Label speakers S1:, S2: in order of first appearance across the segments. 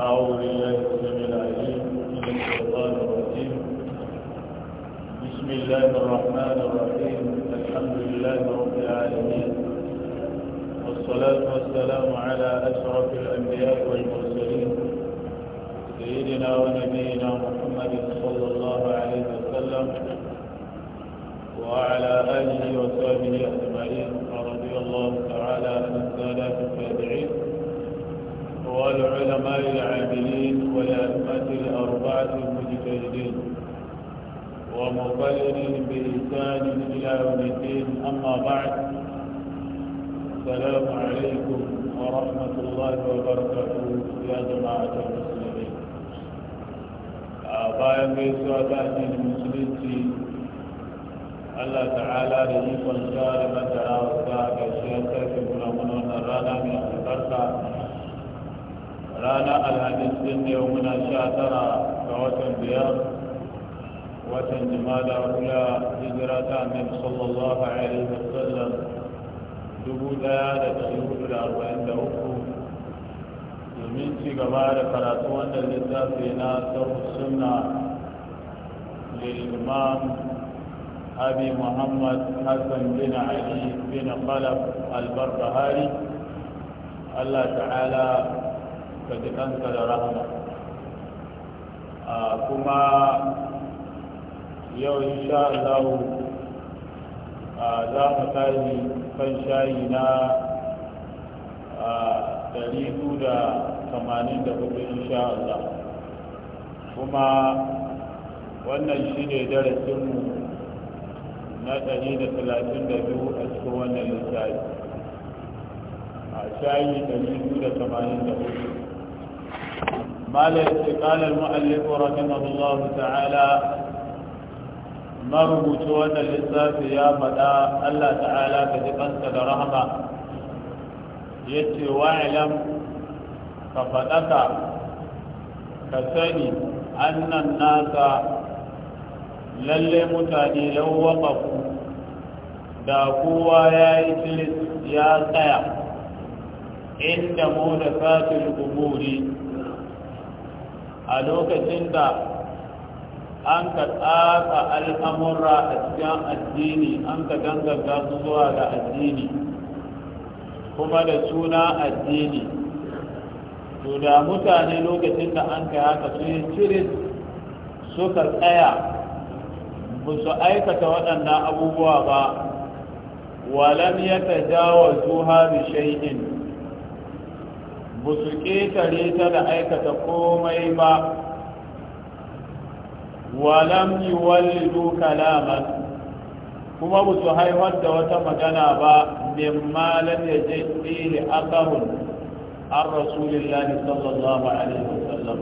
S1: أعوذ بالله السميع العليم من
S2: الشيطان
S1: الرجيم بسم الله الرحمن الرحيم الحمد لله رب العالمين والصلاة والسلام على أشرف الأنبياء والمرسلين سيدنا ونبينا محمد صلى الله عليه وسلم وعلى آله وصحبه أجمعين ورضي الله تعالى عن السادات التابعين أقوال علماء العاملين والأئمة الأربعة المتفردين ومبرر بلسان إلى يوم الدين أما بعد السلام عليكم ورحمة الله وبركاته يا جماعة المسلمين أبايا بيت تأتي المسلمين الله تعالى رجيب الشارع متعاوزا كشيئتك من أمنون الرانا من أمنون رانا الحديث دين يومنا شاترا فوتن بيار وتن جمالا أولى هجراتا من صلى الله عليه وسلم دبو ديانة سيوه الأربعين دوكو يمين في قبار فراتوان الجزاء في ناسه السنة للإمام أبي محمد حسن بن علي بن خلف البربهاري الله تعالى ka ji kanka da rahama kuma yau insha Allah za mu tashi kan shayi na ɗari da tamanin da hudu insha Allah kuma wannan shi ne darasinmu na ɗari da talatin da biyu a cikin wannan littafi a shayi ɗari biyu da tamanin da hudu ما قال المؤلف رحمه الله تعالى مربوط وانا لساس يا مدى ألا تعالى كتبانك لرحمة يتي واعلم ففتك كسني أن الناس للي متاني لو وقفوا دا يا إجلس يا قيام إن مولفات القبور a lokacin da an ka tsaka al'amura a cikin addini an ka danganta su zuwa ga addini kuma da suna addini to da mutane lokacin da an kai haka su yi cire suka tsaya ba su aikata waɗannan abubuwa ba walam ya tajawazu ha bi shay'in ba su ƙetare ta da aikata komai ba walam yi wallidu kalaman kuma ba su haifar da wata magana ba min malam ya je ɗili akahun an rasulillahi sallallahu alaihi wasallam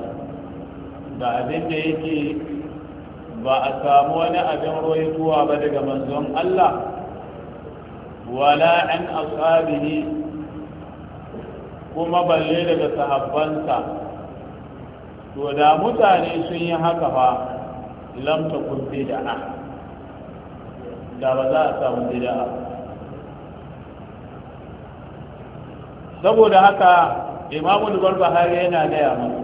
S1: da abin da yake ba a samu wani abin roituwa ba daga manzon Allah wala an ashabihi kuma balle daga sahabbansa to da mutane sun yi haka fa lam takun bid'a da ba za a samu bid'a saboda haka imamul har yana gaya mana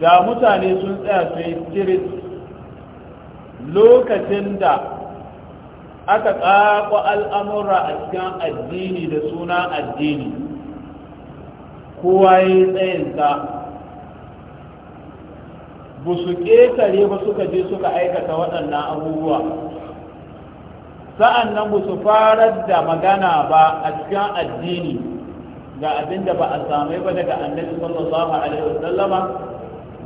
S1: da mutane sun tsaya su yi kiris lokacin da aka ƙaƙo al'amura a cikin addini da suna addini kowa ya yi tsayinsa ba su ƙetare ba suka je suka aikata waɗannan abubuwa sa'an nan ba su farar da magana ba a cikin addini ga abin da ba a samai ba daga annabi sallallahu alaihi wasallama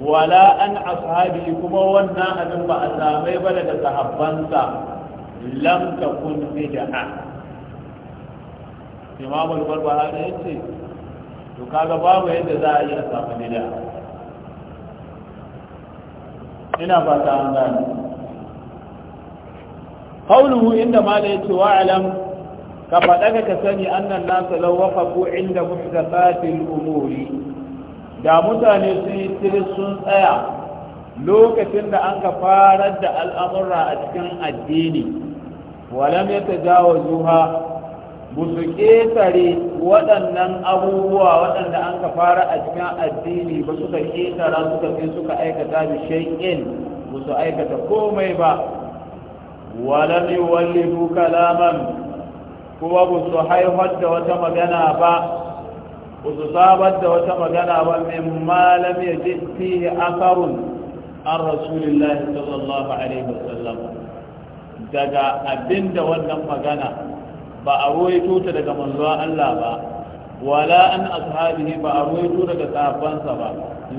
S1: wala an ashabi kuma wannan abin ba a samai ba daga sahabbansa lam takun bid'a imam al-barbahari yace to kaga babu yadda za a yi a samu bid'a ina fata an gane qawluhu inda ma da ce wa alam ka faɗa ka sani annan nasu law waqafu inda muhdathatil umuri da mutane sun yi sun tsaya lokacin da an ka farar da al'amura a cikin addini walam yatajawazuha ba ƙetare waɗannan abubuwa waɗanda an ka fara a cikin addini ba suka ƙetara suka fi suka aikata da shaikin ba su aikata komai ba walam yuwallidu kalaman kuma ba su haifar da wata magana ba ba su sabar da wata magana ba min malam ya ji fihi akarun an rasulillahi sallallahu alaihi wasallam daga abinda wannan magana ba a ruwaito ta daga manzo Allah ba wala an ashabihi ba a ruwaito daga sahabbansa ba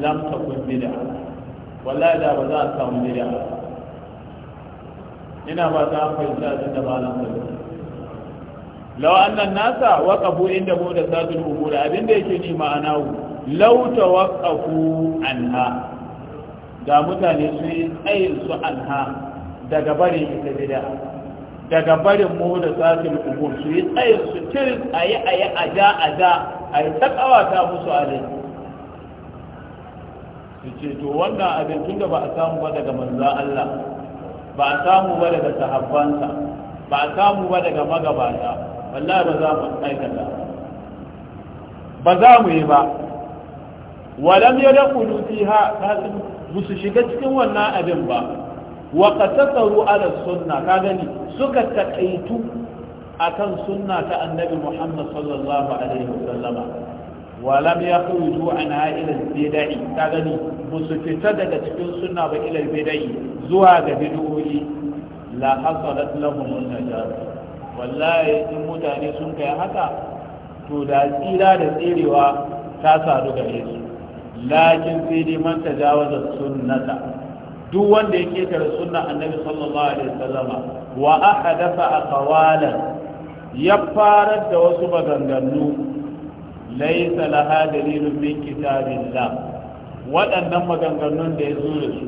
S1: lam takun bid'a wallahi da ba za a samu bid'a ina ba ta fahimta da malam sallallahu law anna nasa waqafu inda mu da sadul umur abin da yake ni ma'ana law tawaqqafu anha da mutane su yi tsayin su anha daga bare ita bid'a daga barin mu da tsakin kubur su yi tsayin su tirin a yi a yi a da a da a yi ta kawata musu a da su ce to wannan abin tun da ba a samu ba daga manza Allah ba a samu ba daga sahabbansa ba a samu ba daga magabata wallah ba za mu aikata ba za mu yi ba walam ya da kudu fiha ba su shiga cikin wannan abin ba wa qasasaru ala sunna ka gani suka takaitu akan sunna ta annabi Muhammad sallallahu alaihi wasallama wa lam yakhruju anha ila bid'i ka gani musu fita daga cikin sunna ba ila bid'i zuwa ga bid'o'i la hasalat lahum najat wallahi in mutane sun kai haka to da tsira da tserewa ta sadu gare su lakin sai dai man tajawaza sunnata duk wanda ya ketare sunna annabi sallallahu alaihi wasallama wa ahadatha aqwalan ya fara da wasu maganganu laysa laha dalilun min kitabillah waɗannan maganganun da ya zo su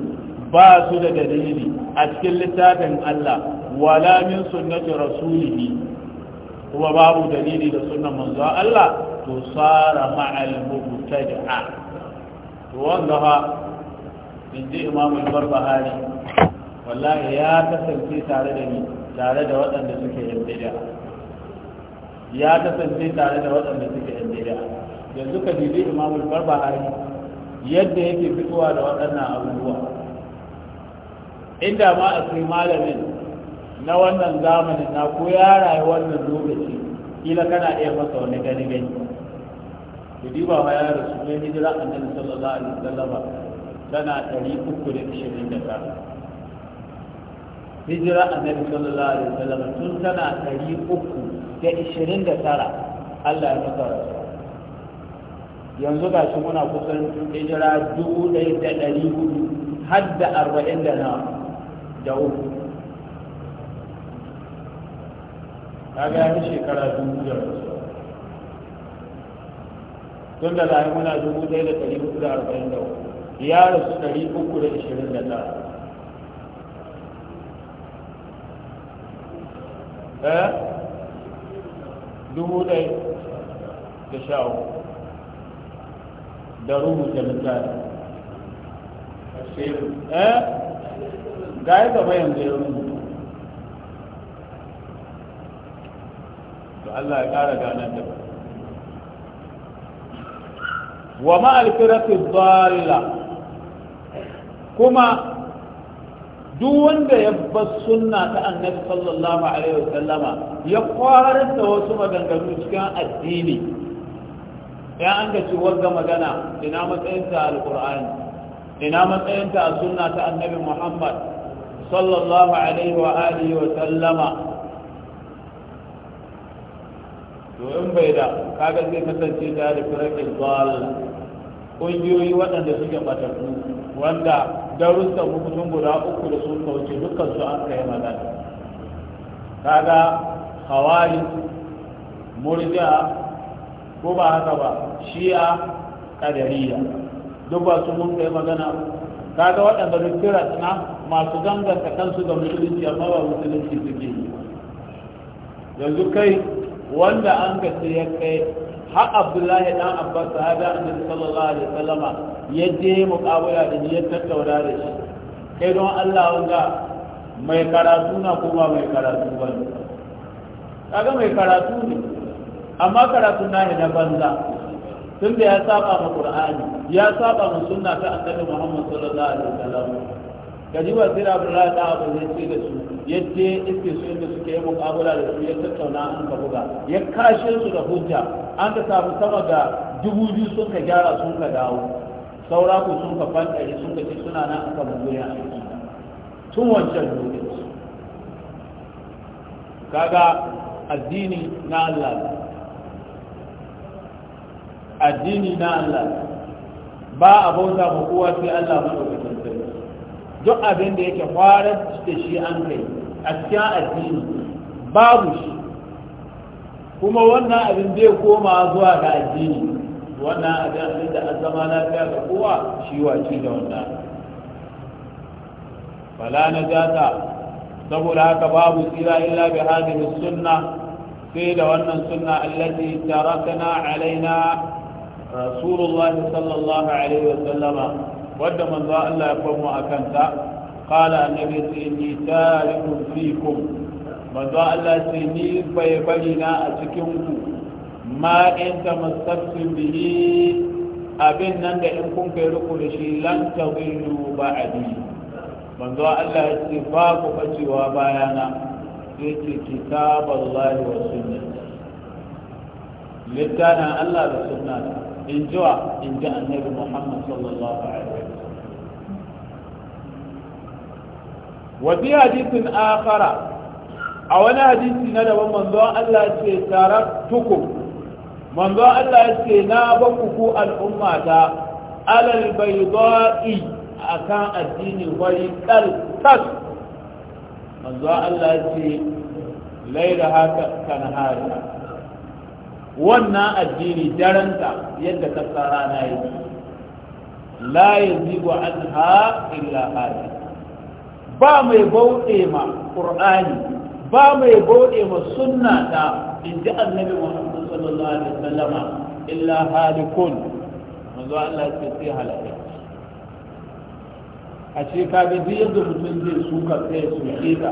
S1: ba su da dalili a cikin littafin Allah wala min sunnati rasulihi kuma babu dalili da sunnan manzo Allah to sara ma'al mubtadi'a to wanda in ji imamu barbahari wallahi ya kasance tare da ni tare da waɗanda suke yin bid'a ya kasance tare da waɗanda suke yin bid'a yanzu ka dubi imamu barbahari yadda yake fitowa da waɗannan abubuwa inda ma a malamin na wannan zamanin na ko ya rayu wannan lokaci kila kana iya masa wani gani gani ku diba ma ya rasu ne hijira annabi sallallahu alaihi wasallam tana tara. hijira a annabi sallallahu alaihi wasallam tun tana ɗari uku da ishirin da tara Allah ya masa rasu yanzu ga shi muna kusan hijira dubu ɗaya da ɗari huɗu har da arba'in da na da uku kaga ya fi shekara dubu da wasu. tun da zai muna dubu ɗaya da ɗari hudu da arba'in da uku ya rasu 329 eh dubu ɗai da sha da rubuta littafi eh ga yi gaba yanzu ya rubuta to Allah ya ƙara ganar da wa ma'alfiratin dalla kuma duk wanda ya bar sunna ta annabi sallallahu alaihi wasallama ya kwarar da wasu maganganu cikin addini ya an ga ci wanda magana ina matsayinta Alƙur'ani? ina matsayinta a sunna ta annabi muhammad sallallahu alaihi wa alihi wa sallama to in bai da kaga zai kasance da alfirakin zal kungiyoyi waɗanda suke batattu wanda darussan hukumin guda uku da sun kauce dukkan su an kai magana kaga hawari murja ko ba haka ba shi'a kadariya duk ba su mun kai magana kaga waɗanda duk kira na masu danganta kansu da musulunci amma ba musulunci suke yi yanzu kai wanda an ga ya kai har abdullahi dan abbas sahabi annabi sallallahu alaihi wasallam ya je muqabala da ya tattauna da shi kai don Allah wanga mai karatu na kuma mai karatu ba ne kaga mai karatu ne amma karatu na ne na banza tun da ya saba ma qur'ani ya saba ma sunna ta annabi muhammad sallallahu alaihi wasallam kaji wa sirra abdullahi da abu ne ce da su yadda iske su yadda suke yi mukabula da su ya tattauna an ka buga ya kashe su da hujja an ka samu sama ga dubu biyu sun ka gyara sun ka dawo saura ku sun ka fankari sun ka ce suna nan aka mugurin aiki tun wancan lokaci kaga addini na Allah addini na Allah ba a bauta ma kowa sai Allah madaukakin sarki duk abin da yake farar da shi an kai a addini babu shi kuma wannan abin zai koma zuwa ga addini wannan abin abin da an zama lafiya ga kowa shi wace da wannan fala na jata saboda haka babu tsira illa bi hadhihi sunna sai da wannan sunna allati tarakana alaina rasulullahi sallallahu alaihi wa sallama wadda manzo Allah ya famu akanta kala annabi ce ni tarihun fikum manzo Allah ce ni bai bari na a cikin ku ma in ta mustaqbil bihi abin nan da in kun kai riko da shi lan tawillu ba'di manzo Allah ya ce ba ku bacewa bayana yake kitaballahi wa sunnah littafin Allah da sunna in jiwa in ji annabi Muhammad sallallahu alaihi wa fi hadisin akhara a wani hadisi na daban manzo Allah ce taraktukum manzo Allah ce na baku ku al'umma ta alal baydai akan addini wari kal tas manzo Allah ce laila haka kan hariya wannan addini daranta yadda ka tsara na yi la yazigu anha illa hariya ba mai bauɗe ma ƙur'ani ba mai bauɗe ma sunna ta in ji annabi muhammad sallallahu alaihi wasallama illa halikun manzo Allah ce sai halaka a ce ka ga duk yadda mutum zai suka sai su suke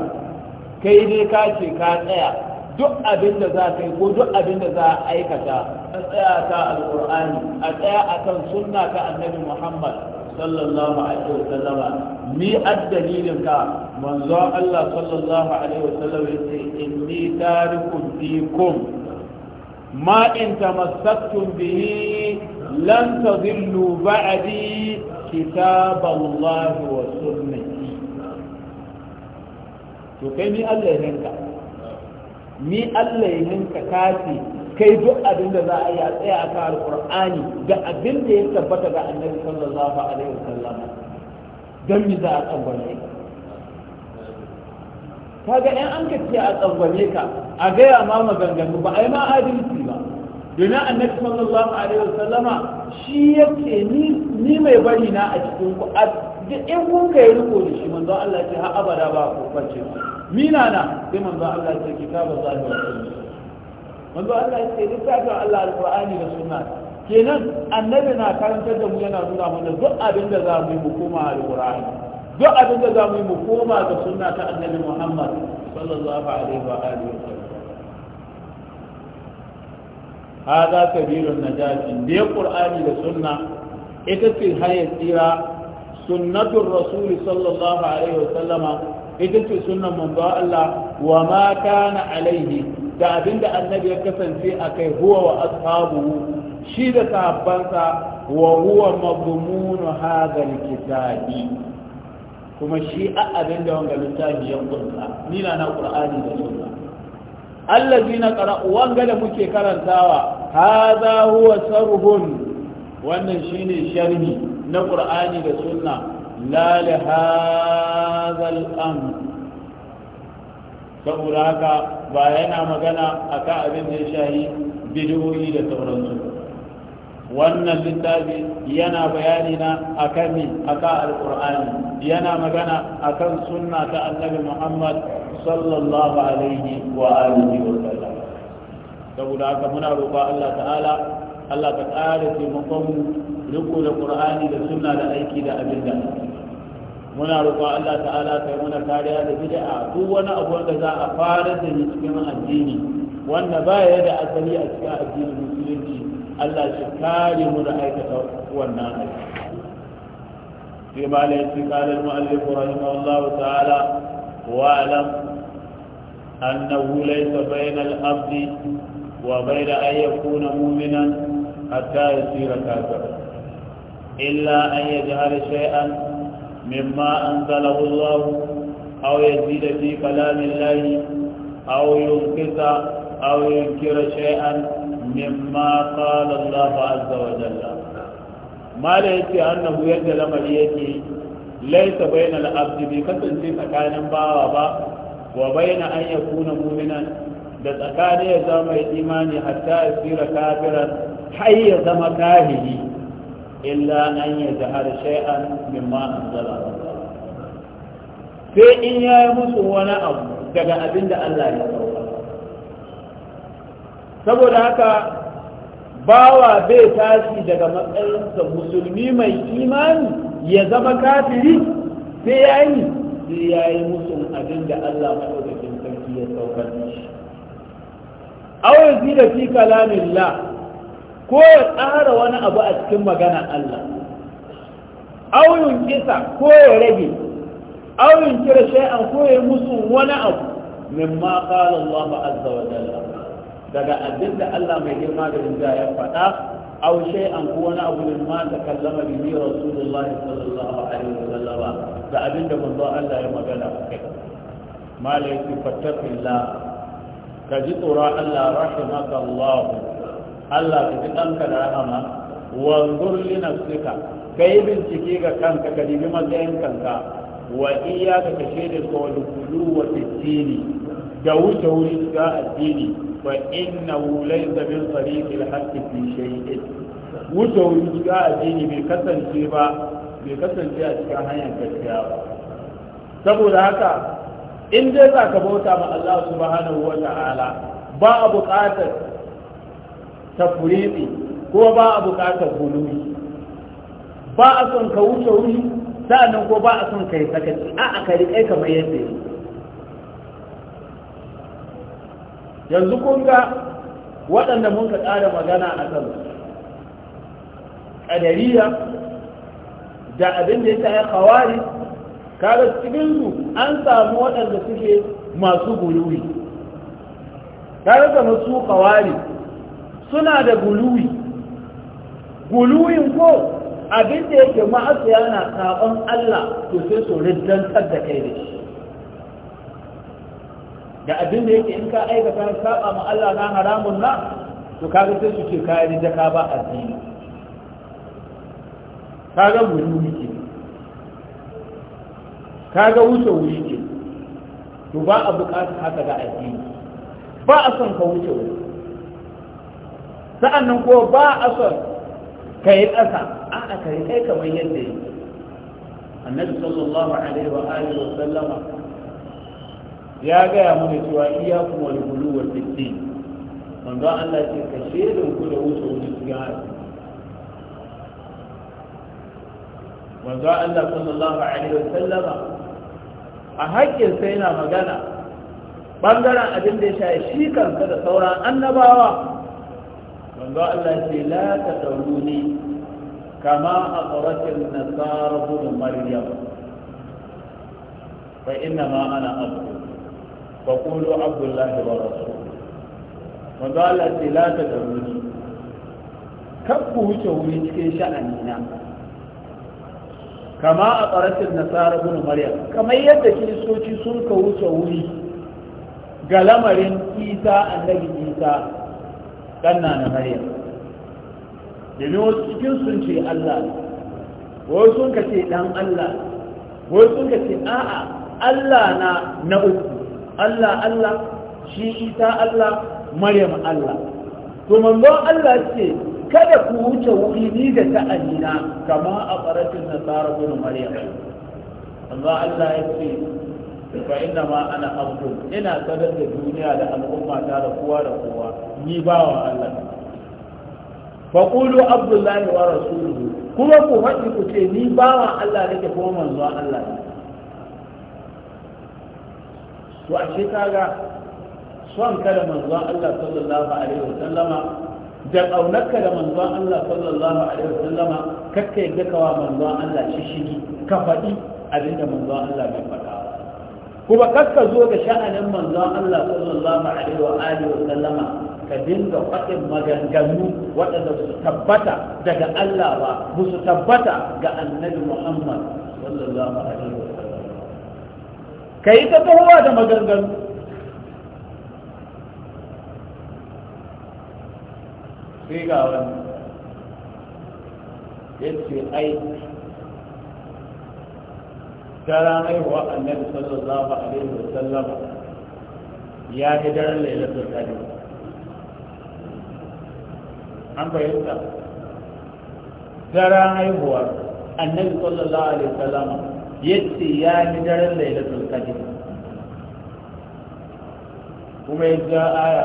S1: kai ne ka ce ka tsaya duk abin da za ka yi ko duk abin da za a aikata a tsaya ta alƙur'ani a tsaya akan sunna ta annabi muhammad sallallahu alaihi wasallama Ni addalilin ka manzo Allah sallallahu alaihi wasallam yace inni tarikum fikum ma in tamassaktum bihi lan tadillu ba'di kitab Allah wa sunnati to kai ni Allah ya yanka ni Allah yanka kace kai duk abin da za a yi a tsaya a kan alkur'ani da abin da ya tabbata ga annabi sallallahu alaihi wasallam don mi za a tsangwame ka kaga yan an ka a tsangwame ka a gaya ma maganganu ba a yi ma adalci ba domin annabi sallallahu alaihi wasallama shi yake ni mai bari na a cikin ku da in kun kai riko da shi manzon Allah ya ce har abada ba ku bace mina na sai manzon Allah ce kitabun zahiri manzon Allah ya ce duk littafin Allah alqur'ani da sunna kenan annabi na karantar da mu yana nuna mana duk abin da za mu yi mu koma Al-Qur'ani. duk abin da za mu yi mu koma da sunna ta annabi Muhammad sallallahu alaihi wa alihi wa sallam hada kabirun najati ne qur'ani da sunna ita ce hayar tsira sunnatul rasul sallallahu alaihi wa sallama ita ce sunnan manzo Allah wa mata kana alaihi da abinda annabi ya kasance akai huwa wa ashabuhu shi da sahabbansa wa huwa madmunu hadha alkitabi kuma shi a abin da wanga littafi ya kunta ni na na qur'ani da sunna allazina qara wanga da muke karantawa hadha huwa sarhun wannan shine sharhi na qur'ani da sunna la li hadha al-amr saboda haka ba yana magana akan abin da ya shahi bidiyoyi da sauransu wannan littafi yana bayani na akan ne akan alqur'ani yana magana akan sunna ta annabi Muhammad sallallahu alaihi wa alihi wa sallam saboda haka muna roƙa Allah ta'ala Allah ka ƙara taimakon riko da Qur'ani da sunna da aiki da abin da muna roƙa Allah ta'ala kai muna kariya da bid'a duk wani abu da za a fara da cikin addini wanda ba ya da asali a cikin addinin musulunci Allah shi kare mu da aikata wannan aiki sai ma la yake kalar mu'allif rahimahullahu ta'ala wa alam annahu laysa bayna al-abd wa bayna an yakuna mu'minan hatta yasira kafira illa an yaj'ala shay'an mimma anzalahu Allah aw yazida fi kalam Allah aw yunqisa aw yunkira shay'an mimma qala Allah azza wa jalla mala yace annahu yadda lamari yake laisa bainal abdi bi kasance tsakanin bawa ba wa baina an yakuna mu'minan da tsakani ya zama mai imani hatta yasira kafiran har ya zama kahiri illa an ya jahara shay'an sai in yayi musu wani abu daga abinda da Allah ya saboda haka bawa bai tashi daga matsayinsa musulmi mai imani ya zama kafiri sai ya yi sai ya yi musu abin da Allah maɗaukakin sarki ya saukar da shi awai zira fi kalamin la ko ya tsara wani abu a cikin maganar Allah auyun kisa ko ya rage auyun kira shay'an ko ya musu wani abu min mimma qala Allah azza wa jalla daga abin da Allah mai girma da rinja ya faɗa aw shay'an ko wani abu ne ma da kallama bihi rasulullahi sallallahu alaihi wa sallam. da abin da manzo Allah ya magana akai malaiku fattaqillah ka ji tsoron Allah rahimaka Allah Allah ka ji ɗanka da rahama wanzur li nafsika kai bincike ga kanka ka dibi matsayin kanka wa iya ka kashe da tsawon kulu wa addini da wuce wuri shiga addini Ba ina من طريق الحق في شيء wuce wuri ga addini bai kasance ba bai kasance a cikin hanyar gaskiya ba saboda haka in dai za ka bauta ma Allah subhanahu wa ta'ala ba a buƙatar tafuriti ko ba a buƙatar gulubi ba a son ka wuce wuri sa'annan ko ba a son ka yi sakaci a a ka riƙe kamar yadda yanzu kun ga waɗanda mun ka ƙara magana a kan ƙadariya da abin da ya ta yi kawari kaga su an samu waɗanda suke masu guluwi kaga kama su kawari suna da guluwi guluwin ko abin da yake ma'asiya na saɓon allah to sai su riddantar da kai da shi da abin da yake in ka aikata saba ma Allah na haramun na to kaga sai su ce kayan da ka ba addini kaga wuri ke kaga wuce wuri ke to ba a bukatar haka ga addini ba a son ka wuce wuri sa'annan ko ba a son ka yi ƙasa a a kai kai kamar yadda yake annabi sallallahu alaihi wa alihi wa sallama ya gaya mana cewa iya kuma da bulu wa tsaki manzo Allah ce ka shedin ku da wuce wuce cikin haske manzo Allah sallallahu alaihi wa sallama a hakkin sai yana magana bangaren abin da ya sha shi kansa da sauran annabawa manzo Allah ce la ta daruni kama aqratil nasara bin maryam fa inna ma ana abu. فقولوا عبد الله ورسوله manzo Allah ce la ta daruni kan ku wuce wuri cikin sha'ani na kama a tsaratin nasara bin maryam kamar yadda kiristoci sun ka wuri ga lamarin isa annabi isa danna na maryam domin wasu cikin sun ce Allah wasu sun ka ce dan Allah wasu sun ka ce a'a Allah na na uku Allah Allah shi Isa Allah Maryam Allah to manzon Allah ce kada ku wuce wuri ni da ta'alina kama a faratin nasara bin Maryam Allah Allah ya ce fa inna ma ana abdu ina sanar da duniya da al'umma ta da kowa da kowa ni bawa Allah fa qulu abdullahi wa rasuluhu kuma ku faɗi ku ce ni bawa Allah nake kuma manzon Allah ne to a ce kaga son ka da manzon Allah sallallahu alaihi wasallama da ƙaunarka da manzon Allah sallallahu alaihi wasallama kakka yadda kawa manzon Allah shishigi ka faɗi abinda manzon Allah bai faɗa kuma kakka zo ga sha'anin manzon Allah sallallahu alaihi wa alihi wasallama ka dinga faɗin maganganu waɗanda su tabbata daga Allah ba su tabbata ga annabi Muhammad sallallahu alaihi ka yi ta tsohuwa da maganganu sai ga wani ya ce ai daren haihuwa annabi a alaihi wasallam ya yi daren lailatul qadr an bayyana daren haihuwa annabi a alaihi wasallam yace ya fi daren lailatul qadr kuma ya aya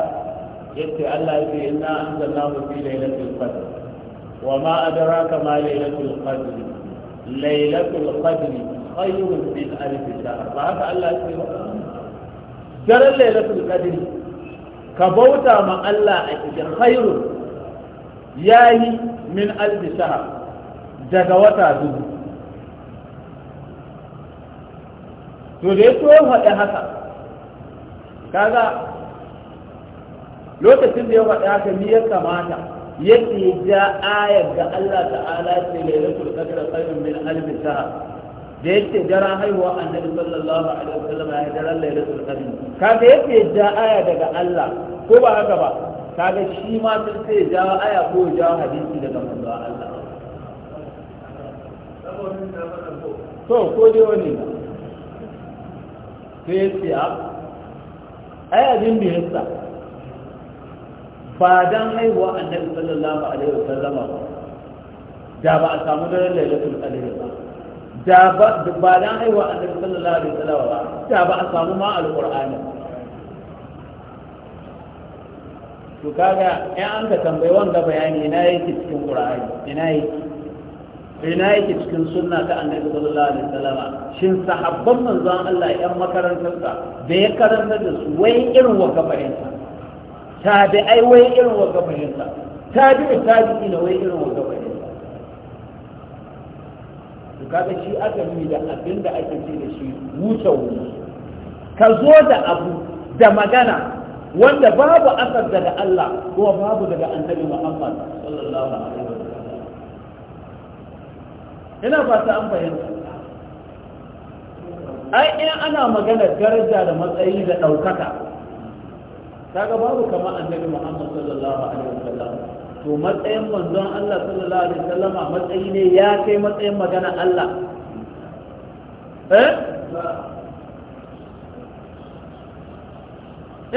S1: yace Allah ya ce inna anzalnahu fi lailatul qadr wa ma adraka ma lailatul qadr lailatul qadr khayrun min alf shahr ba haka Allah ya ce daren lailatul qadr ka bauta ma Allah a cikin khayrun yayi min alf shahr daga wata dubu to da ya so ya faɗi haka kaga lokacin da ya faɗi haka ni ya kamata ce ja ayar ga Allah ta'ala ce da qadr tsarin min alf shahr da yake dara haihuwa annabi sallallahu alaihi wasallam ya dara lailatul qadr kaga ce ja aya daga Allah ko ba haka ba kaga shi ma sun ce ja aya ko ja hadisi daga manzo Allah to ko dai wani sai ya ce abin da yasa ba dan haihuwa annabi sallallahu alaihi wasallam ba da ba a samu daren lailatul qadr ba da ba ba dan haihuwa annabi sallallahu alaihi wasallam ba da ba a samu ma alqur'ani to kaga in an ka tambayi wanda bayani ina yake cikin qur'ani ina yake ina yake cikin sunna ta annabi sallallahu alaihi wasallam shin sahabban manzon Allah yan makarantarsa da ya karanta da su wai irin wa gabarinsa tabi'ai wai irin wa gabarinsa tabi'i tabi'i ina wai irin wa gabarinsa to kaga shi aka nuni da abin da ake ce da shi wuce wuce ka zo da abu da magana wanda babu asar daga Allah kuma babu daga annabi Muhammad sallallahu alaihi wasallam yana ba ta an bayyana ai in ana magana daraja da matsayi da ɗaukaka kaga babu kama annabi muhammad sallallahu alaihi wasallam to matsayin manzon Allah sallallahu alaihi wasallam matsayi ne ya kai matsayin magana Allah eh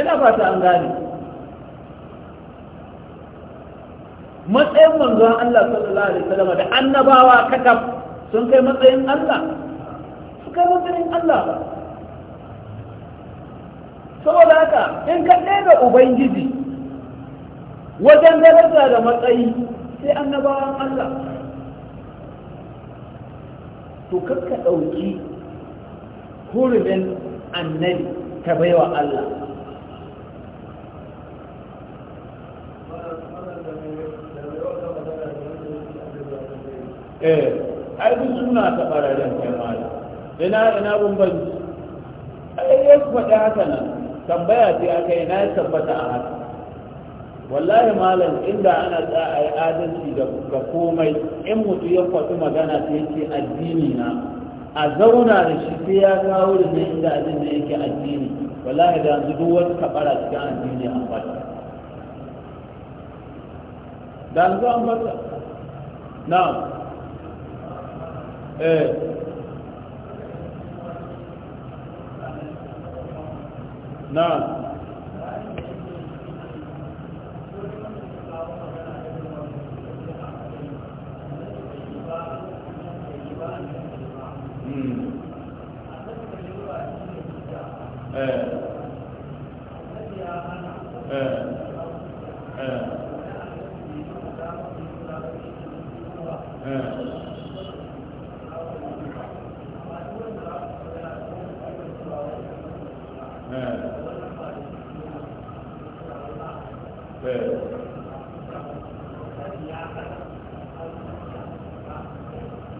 S1: ina ba ta an gane matsayin manzon Allah sallallahu alaihi wasallam da annabawa katab sun kai matsayin Allah su kai matsayin Allah ba saboda haka in ka ɗaya ubangiji wajen daraja da matsayi sai annabawan Allah to kakka ɗauki hurumin annabi ta baiwa Allah eh ai duk suna ta bararen kai Ina ina ina bambanci ai ya faɗi haka nan tambaya ce aka yi na ya tabbata a haka wallahi malam inda ana za a yi adalci ga komai in mutu ya faɗi magana sai yake addini na a zauna da shi sai ya kawo da nan inda abin da yake addini wallahi da yanzu duk wani kabara cikin addini an bata da yanzu an bata na'am eh na'am Eh.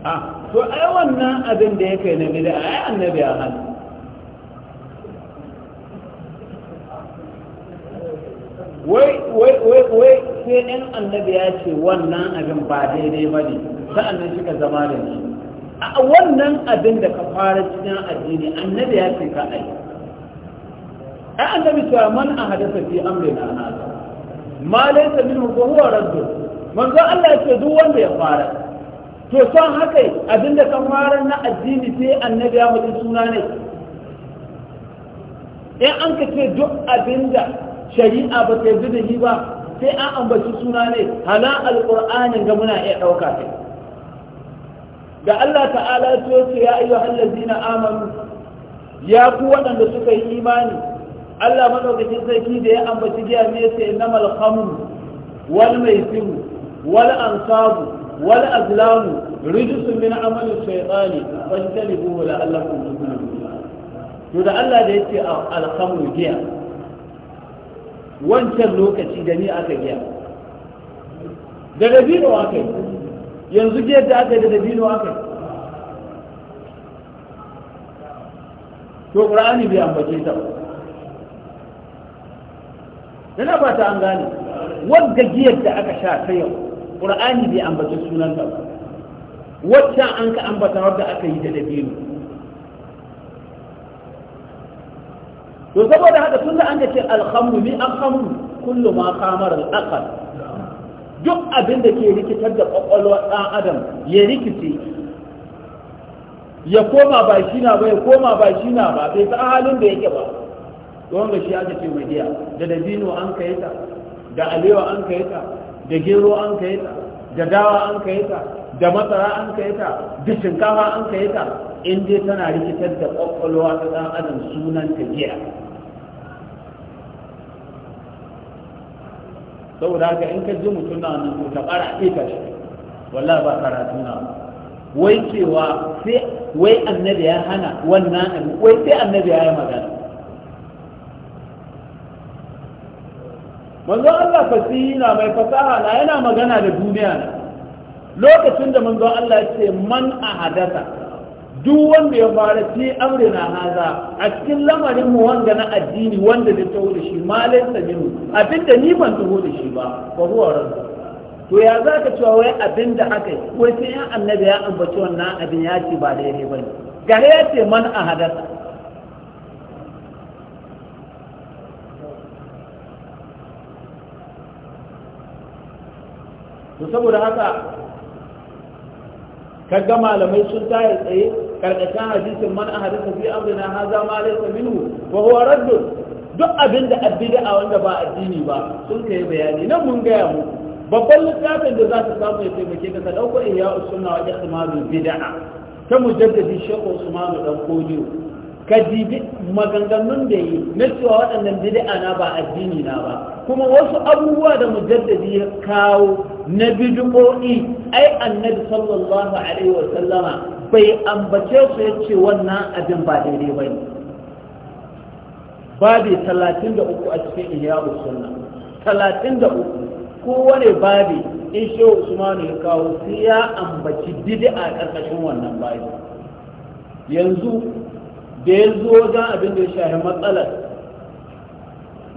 S1: a ah, to ai wannan abin da ya kai na bida ai annabi a hannu wai wai wai wai sai ɗan annabi ya ce wannan abin ba daidai ba ne sa'annan shi ka zama da shi a wannan abin da ka fara cikin addini annabi ya ce ka aiki ai annabi cewa man a hadasa fi na hada ma laysa minhu fa huwa radd manzo Allah ce duk wanda ya fara to san haka abinda kan fara na addini sai annabi ya mutu suna ne in an ka ce duk abinda shari'a ba ta yi da shi ba sai an ambaci suna ne hala alqur'anin ga muna iya ɗauka. kai da Allah ta'ala ya ce ya ayyuhallazina amanu ya ku waɗanda suka yi imani Allah madaukakin sarki da ya ambaci giya ne yace innamal khamru wal maisiru wal ansabu wal azlamu rijsun min amali shaytani fajtanibuhu la'allakum tuflihun to da Allah da yace ah, al khamru giya wancan lokaci da ni aka giya da dabino aka yanzu giya da aka da dabino aka yi to qur'ani bai ambace ta ba da na fata an gane wadda giyar da aka sha ta yau ƙur'ani bai ambaci sunanta ba waccan an ka ambata wadda aka yi da dabino to saboda haka tun da an ka ce alhamdu ni alhamdu kullu ma kamar al'aqal duk abin da ke rikitar da ƙwaƙwalwar ɗan adam ya rikice ya koma ba shi na ba ya koma ba shi na ba bai ta halin da yake ba don shi aka ce mai giya da dabino an ka yi ta da alewa an ka yi ta da gero an ka yi ta da dawa an ka yi ta da matsara an ka yi ta da shinkafa an ka yi ta in dai tana rikitar da kwakwalwa ta ɗan adam sunan ta giya saboda haka in ka ji mutum na nan ko ta ƙara ita shi wallahi ba karatu na wai cewa sai wai annabi ya hana wannan abin. wai sai annabi ya yi magana manzon Allah fasihi na mai fasaha na yana magana da duniya na lokacin da manzo Allah ya ce man a hadasa duk wanda ya fara ci amri na haza a cikin lamarin mu wanda na addini wanda da taho da shi malai sabinu abinda ni ban taho da shi ba ba ruwa ranzu to ya za cewa wai abin da aka yi wai sai ya annabi ya ambaci wannan abin ya ce ba daidai ba ne ga ya ce man a hadasa to saboda haka kaga malamai sun tare tsaye karkashin hadisin man a hadisa fi amrina haza ma laysa minhu wa huwa radd duk abin da a wanda ba addini ba sun kai bayani nan mun gaya mu babban littafin da za ka samu ya taimake ka ka dauko ihya usunna wa ihtimalu bid'a ta mujaddadi shehu usmanu dan kodiyo ka dibi maganganun da yi na cewa waɗannan bid'a na ba addini na ba kuma wasu abubuwa da mujaddadi ya kawo na bid'o'i ai annabi sallallahu alaihi wa sallama bai ambace su yace wannan abin ba daidai ba ne babi 33 a cikin ihya'u sunna 33 kowane babi in shi Usman ya kawo sai ya ambaci bid'a karkashin wannan babi yanzu da ya zo wajen abin da ya shahi matsalar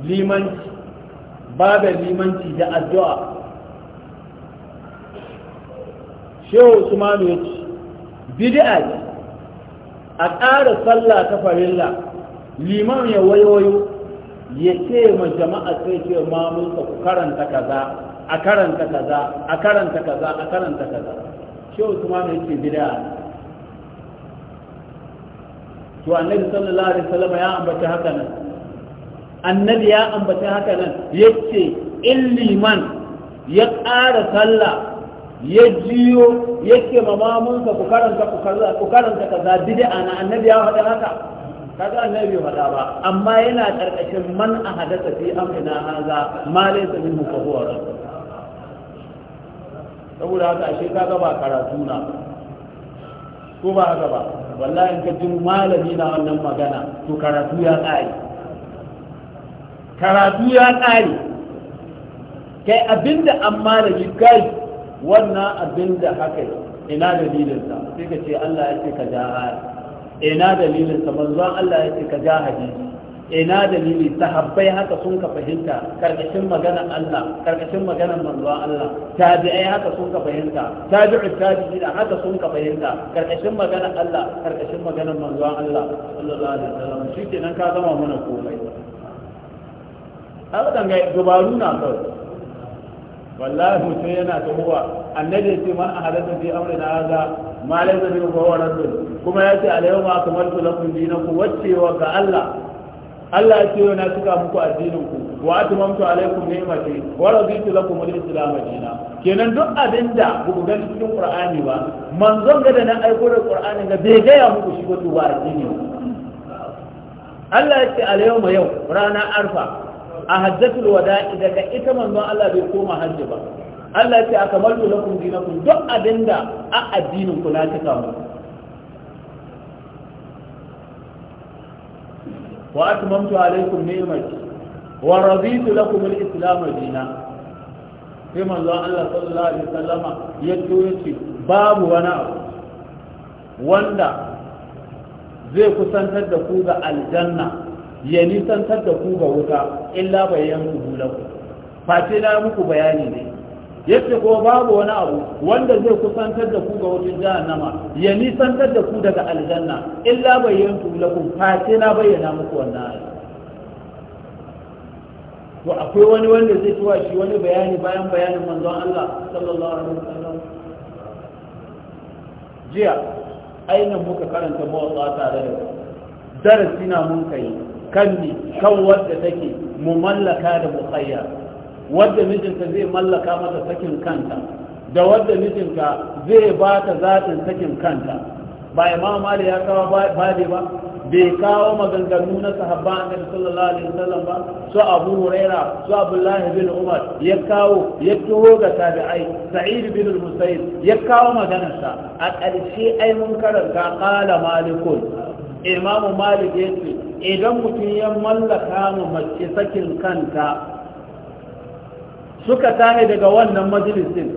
S1: limanci babin limanci da addu'a shehu usman ya ce bid'a a ƙara sallah ta farilla liman ya wayoyo ya ce ma jama'a sai ce ma mun ku karanta kaza a karanta kaza a karanta kaza a karanta kaza shehu usman ya ce bid'a to annabi sallallahu alaihi wasallam ya ambata haka nan annabi ya ambata haka nan yace in liman ya ƙara sallah ya jiyo yake mamamunsa ku karanta ku karanta kaza bid'a na annabi ya faɗa haka kaga annabi ya faɗa ba amma yana karkashin man a hadasa fi amrina haza ma laysa minhu fa huwa saboda haka ashe kaga ba karatu na ko ba haka ba wallahi in ka ji malami na wannan magana to karatu ya kai karatu ya kai kai abinda amma da kai wannan abin da haka ina dalilinsa sai ka ce Allah ya ce ka ja aya ina dalilinsa manzon Allah ya ce ka ja hadisi ina dalili sahabbai haka sun ka fahimta karkashin magana Allah karkashin maganar manzon Allah tabi'ai haka sun ka fahimta tabi'u tabi'ina haka sun ka fahimta karkashin maganar Allah karkashin maganar manzon Allah sallallahu alaihi wasallam shikenan ka zama mana komai a wadan ga dubaru na kawai wallahi mutum yana tahowa annabi ya ce man a halatta fi amri na haza ma laisa min huwa raddun kuma ya ce alayhi ma kamaltu lakum dinakum waccewa ga Allah Allah ya ce na cika muku addinin ku wa atmamtu alaykum ni'mati wa raditu lakum al-islam dinan kenan duk abinda ku ga cikin qur'ani ba manzon ga da na aiko da qur'ani ga bai ga ya muku shi ba addini Allah ya ce alayhi yau rana arfa a hajjatul wada'i daga ita manzon Allah bai koma hajji ba Allah ya ce akamaltu lakum dinakum duk abinda a addinin ku na cika mu wa atmamtu alaikum ni'mati wa raditu lakum al-islam dinan sai manzo Allah sallallahu alaihi wasallama ya ce babu wani abu wanda zai kusantar da ku ga aljanna ya nisantar da ku ga wuta illa bayan ku hulaku face na muku bayani ne yadda kuma babu wani abu wanda zai kusantar da ku ga wucin jahannama ya nisantar da ku daga aljanna illa bayan ku lakum face na bayyana muku wannan ayi to akwai wani wanda zai tuwa shi wani bayani bayan bayanin manzon Allah sallallahu alaihi wasallam jiya ainihin muka karanta mawaƙa tare da darasi na mun kai kan kan wadda take mu mallaka da mukayya wadda mijinta zai mallaka mata sakin kanta da wadda mijinta zai ba ta zatin sakin kanta ba imam mali ya kawo bade ba bai kawo maganganu na sahabba annabi sallallahu alaihi wasallam ba su abu huraira su abdullahi bin umar ya kawo ya tuho ga tabi'ai sa'id bin al ya kawo maganarsa a ƙarshe ai mun karanta qala malikun imamu malik ya ce idan mutum ya mallaka mu mace sakin kanta suka tahe daga wannan majalisin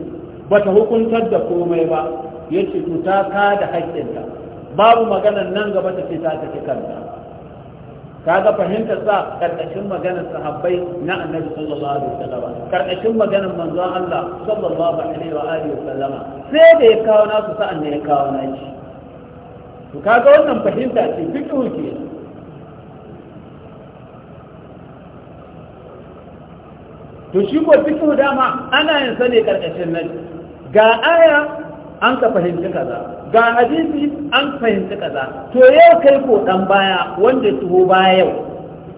S1: ta hukuntar da komai ba ya ce to ta kada haƙƙinta babu maganar nan gaba ta ce ta tafi kanta kaga fahimta sa karkashin maganar sahabbai na annabi sallallahu alaihi wasallam karkashin maganar manzon Allah sallallahu alaihi wa alihi wasallama sai da ya kawo nasu sa'an ne ya kawo nashi to kaga wannan fahimta ce fikihu ke to shi ko fiqhu dama ana yin sa ne karkashin nan ga aya an ka fahimci kaza ga hadisi an fahimci kaza to yau kai ko dan baya wanda tuho baya yau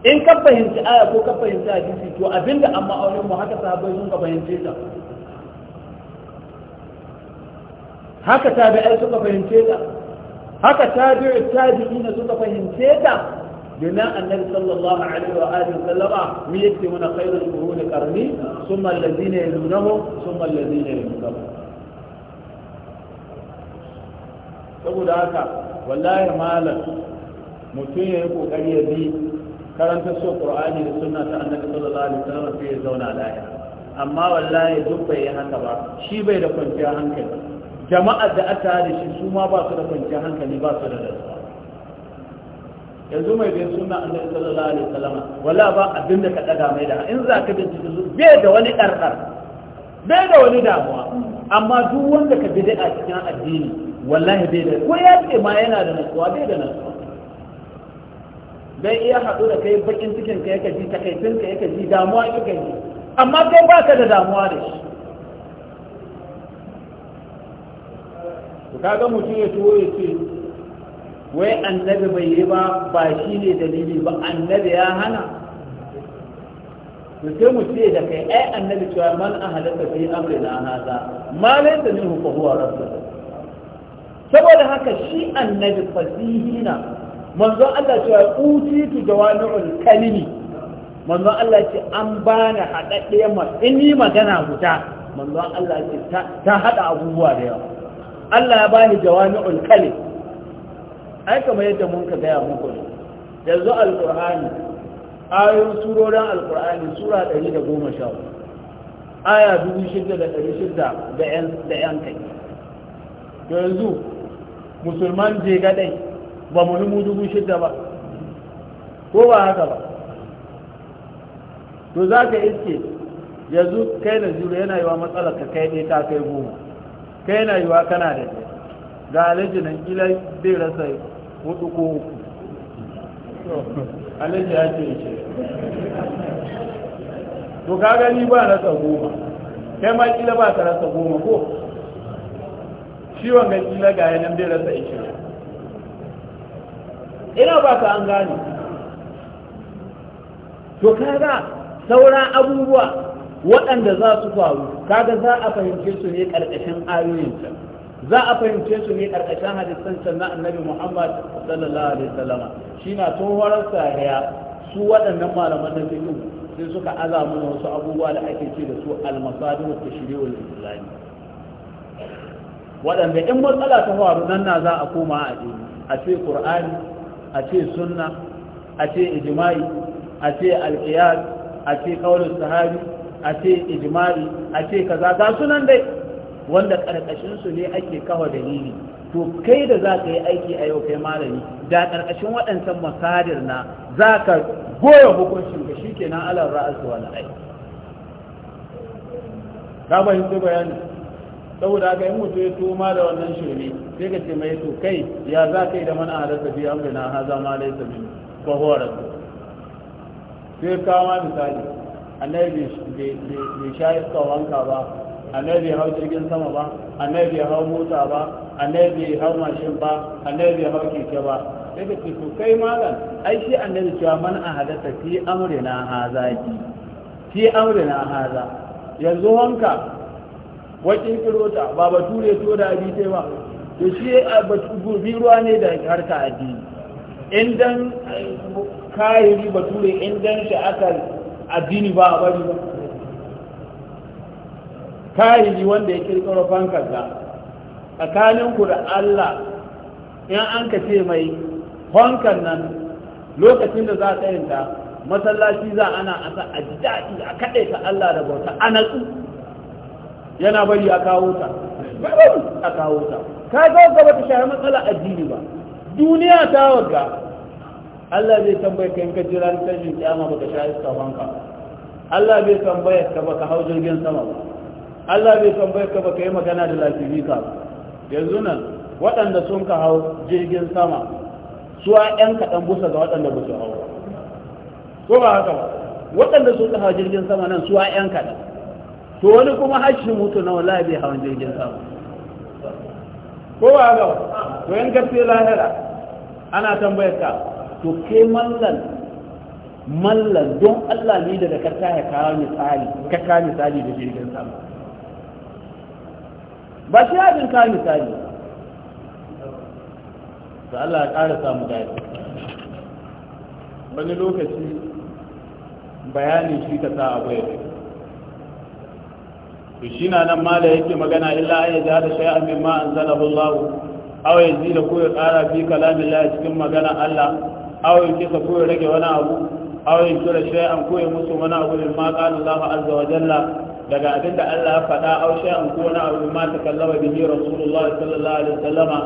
S1: in ka fahimci aya ko ka fahimci hadisi to abinda amma auren mu haka sahabbai sun ka fahimce ta haka tabi'ai suka fahimce ta haka tabi'u tabi'ina suka fahimce ta domin annabi sallallahu alaihi wa alihi sallama mu yake muna khairul qurun qarni thumma alladhina yalunahu thumma alladhina yalunahu saboda haka wallahi malam mutum ya yi kokari ya bi karanta so qur'ani da sunna ta annabi sallallahu alaihi wasallam sai ya zauna lafiya amma wallahi duk bai yi haka ba shi bai da kwanciyar hankali jama'ar da aka da shi su ma ba su da kwanciyar hankali ba su da rasuwa yanzu mai bin suna annabi sallallahu alaihi wasallam wala ba abin da ka daga mai da in za ka bincike su bai da wani ɗarɗar bai da wani damuwa amma duk wanda ka bi da cikin addini wallahi bai da ko ya ce ma yana da nasuwa bai da nasuwa bai iya haɗu da kai bakin cikin ka yake ji takaitin ka yake ji damuwa yake ji amma kai ba ka da damuwa da shi kaga mutum ya tuwo ya ce wai annabi bai yi ba ba shi ne dalili ba annabi ya hana sai mu ce da kai ai annabi cewa man a halatta fi amri na hada ma laysa minhu fa huwa rasul saboda haka shi annabi fasihina manzo Allah cewa utitu jawami'ul kalimi manzo Allah ce an bani hadaddiya ma in yi magana guda manzo Allah ce ta hada abubuwa da yawa Allah ya bani jawami'ul kalim ai kamar yadda mun ka gaya muku ne yanzu alqur'ani ayoyin surorin alqur'ani sura 110 aya 6600 da yan da yan kai yanzu musulman je gadai ba mu dubu 6000 ba ko ba haka ba to za ka iske yanzu kai na zuru yana yi wa matsalar ka kai ɗaya ta kai goma kai yana yiwa kana da ɗaya ga alijinan ila kila zai rasa hudu ko uku alijin ya ce ce to ka gani ba rasa goma kai ma ila ba ka rasa goma ko ciwon gan ila ga yanan zai rasa ishe ina ba ka an gane to ga sauran abubuwa waɗanda za su faru kaga za a fahimce su ne ƙarƙashin ayoyin can za a fahimce su ne ƙarƙashin hadisan can na annabi muhammad sallallahu alaihi wasallama shi na tsohuwar sahiya su waɗannan malaman na fiƙin sai suka aza mana wasu abubuwa da ake ce da su almasadu ta shirewar islami waɗanda in matsala ta faru nan na za a koma a ce ƙur'ani a ce sunna a ce ijma'i a ce alƙiyar a ce ƙaunar sahabi a ce ijimari a ce kaza ga sunan dai wanda karkashin su ne ake kawo dalili to kai da za ka yi aiki a yau kai malami da karkashin waɗancan masadir na za ka goya hukuncin ka na alal ra'asu wal ayi ka fahimci bayani saboda haka in mutum ya tuma da wannan shirme sai ka ce mai to kai ya za ka yi da mana halarta biyu an gina haza ma laifin min su sai kama misali annabi bai sha yi wanka ba annabi bai hau jirgin sama ba annabi bai hau mota ba annabi bai hau mashin ba annabi bai hau keke ba sai da ke kai malam ai shi annabi cewa man a halatta fi na haza fi na haza yanzu wanka wakin kirota ba bature to da abi ba to shi gurbi ruwa ne da harka addini in dan eh, kahiri bature in dan shi aka addini ba a bari ba kayi wanda ya kirkiro fankarsa tsakaninku da Allah in an ka ce mai fankar nan lokacin da za a tsayinta masallaci za ana asa a ji daɗi a kaɗai ta Allah da bauta a natsu yana bari a kawo ta bari a kawo ta ka ga gaba ta shahar matsala addini ba duniya ta wagga Allah zai tambaye ka yanka jira ran tashin kiyama baka sha iska banka Allah zai tambaye ka baka hau jirgin sama ba Allah zai tambaye ka baka yi magana da lafifika ba yanzu nan waɗanda sun ka hau jirgin sama su a ɗan kaɗan busa ga waɗanda ba su hau ko ba haka ba waɗanda sun ka hau jirgin sama nan su a ɗan kaɗan to wani kuma hashi mutu na wala bai hawan jirgin sama ko ba haka ba to yan gaske lahira ana tambayar ka to ke mallan mallan don Allah ne daga karta kaya kawo misali ka kawo misali da jirgin sama ba shi abin kawo misali da Allah ya ƙara samu gari wani lokaci bayanin shi ka sa abu ya to shi na nan ma da yake magana illa ya ji hada shaya min ma an zala bullahu awa ya da ko ya ƙara fi kalamin la cikin magana Allah awai kisa ko ya rage wani abu awai da shay'an ko ya musu wani abu ne, ma qala Allahu azza wa jalla daga abin da Allah ya faɗa aw shay'an ko wani abu ma takallama bihi Rasulullah sallallahu alaihi wasallama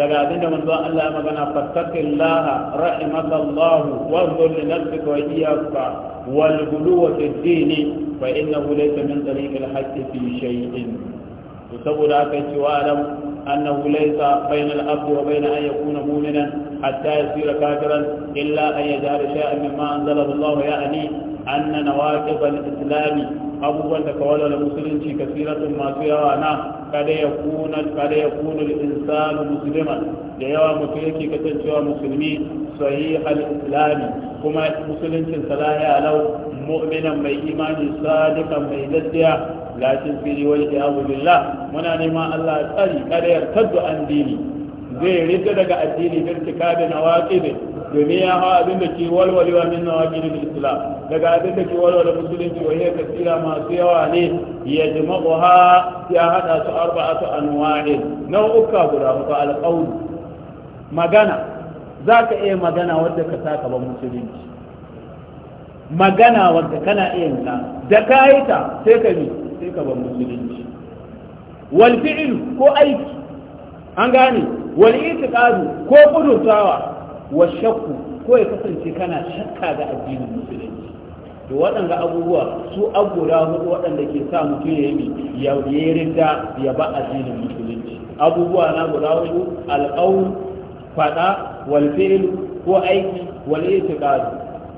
S1: daga abin da manzon Allah ya magana fattaqillaha rahimakallahu wanzur li nafsika wa iyyaka wal ghuluwa fi ad-din fa innahu laysa min tariqil haqqi fi shay'in to saboda haka cewa alam أنه ليس بين الأب وبين أن يكون مؤمنا حتى يصير كافرا إلا أن يجعل شيئا مما أنزله الله يعني أن نواقض الإسلام abubuwan da kawala da musulunci kasiratun masu yawa na kada ya kuna kada ya kuna da yawa mutum yake kasancewa musulmi sahih al-islami kuma musuluncin salahi mai imani sadiqan mai gaskiya lakin fili wani iyazu billah muna neman Allah tsari kariyar taddu an dini zai rita daga addini don cika da nawaƙi domin ya hawa abin da ke walwalewa min nawaƙi da islam daga abin da ke walwale musulunci wa yi kasira masu yawa ne ya jima'u ha ya haɗa su arba'atu anwa'in nau'uka guda muka alƙawli magana za ka iya magana wadda ka saka ba musulunci magana wadda kana iya ta da ka yi ta sai ka yi sai ka ban musulunci wal fi'lu ko aiki an gane wal itiqadu ko kudurtawa wa shakku ko ya kasance kana shakka ga addinin musulunci to waɗanda abubuwa su abubuwa hudu waɗanda ke sa mutum ya yi ya yarda ya ba addinin musulunci abubuwa na guda hudu alƙawun faɗa wal fi'lu ko aiki wal itiqadu